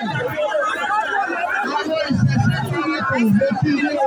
àwọn ìṣẹ̀ṣẹ̀ tí wọ́n kò lè fi ní o.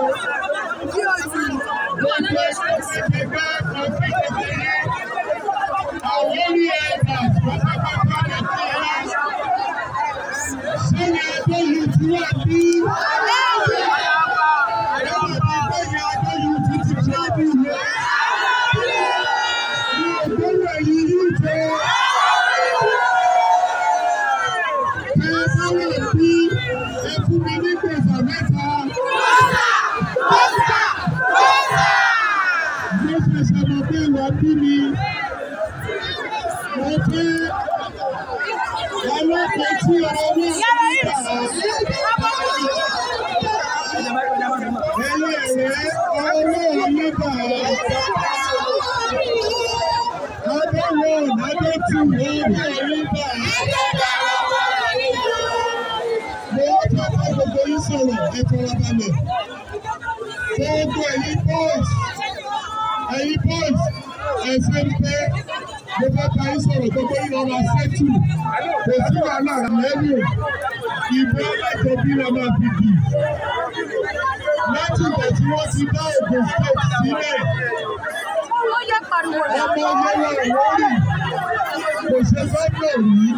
ẹ fún mi ní gbèsè mẹ́ta. Bọ́sà! Bọ́sà! Bọ́sà! Mo ṣẹ̀ṣẹ̀ mọ̀ pé ìwà bí mi. Mo fẹ́ ọlọ́pàá tí ọ̀rọ̀ náà ń gbà. Ẹlẹ́rìí ọlọ́run ló bà á. Adéwọ̀n Adétúwọ̀n ọlọ́run bà á. ìfọwọ́balẹ̀ gbogbo ẹ̀yin boys ẹ̀yin boys ẹ̀sẹ̀ ń pẹ́ mo fẹ́ ka yín sọ̀rọ̀ gbogbo yín lọ́ọ́ máa ṣẹ́tù kò sí wàhálà lẹ́nu ìbò ẹlẹ́jọ́ bí lọ́ọ́ máa fi dì láti ìgbà tí wọ́n ti dá Ògùn state sílẹ̀ ọmọ yẹn lọ́ọ́ lórí kò ṣe gbọ́dọ̀ yìí.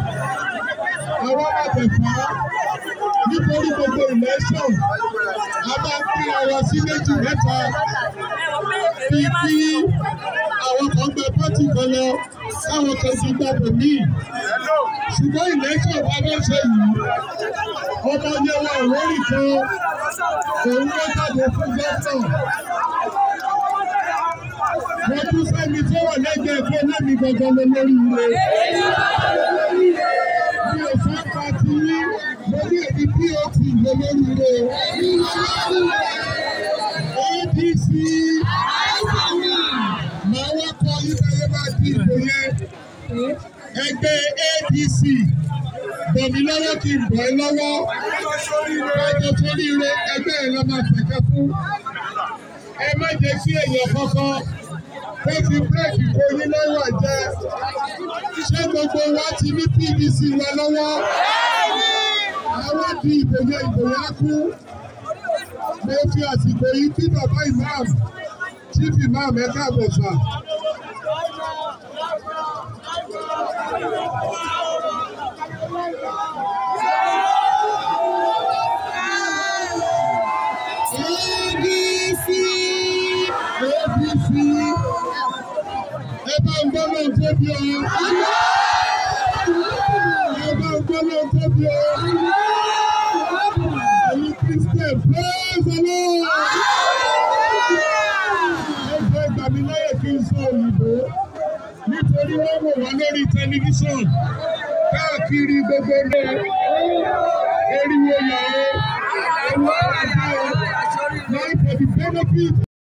ọ̀rọ̀ sí méjì mẹ́ta bí kí àwọn kan gba pátì kan lọ káwọn kan ti gba bòmí. ṣùgbọ́n ìlẹ́kọ̀ bá bá ṣe yìí ọmọ yẹwà lórí kan òun ló jáde fún gọ́tàn. wọ́n tún fẹ́mi tó wà lẹ́gbẹ̀ẹ́ fún ọlọ́mi gangan lọ lórí ilé. mi ò fẹ́ pa ti rí lórí èdè pop lọ lórí ilé di màá wá kọ yíyá yẹn bá di ìbò yẹn ẹgbẹ́ APC bọ̀mí lọ́wọ́ kí n bọ̀ ẹ́ lọ́wọ́ ẹjọ́ sórí ire ẹgbẹ́ ẹ̀ lọ́ máa tẹ̀kẹ́ fún ẹ má jẹ́ sí èèyàn kankan ó fi bírèkì kó yín lọ́wọ́ jẹ́ ṣé gbogbo wa ti ní PDC wa lọ́wọ́ àwọn di ìbò yẹn á kú mo fi àsìkò yìí kí bàbá imam chief imam ẹ káàbọ̀ sà. APC ẹ bá ń gbọ́ náà tó bí ọ. ẹ bá ń gbọ́ náà tó bí ọ. Praise the Lord. Ẹgbẹ́ ìgbàmí láyè kí n sọ òyìnbó nítorí wọ́n wò wá lórí tẹlifíṣàn káàkiri gbogbo rẹ̀ eriwo yàrá ẹ̀wọ̀n àdáyọ̀ life for the benefit.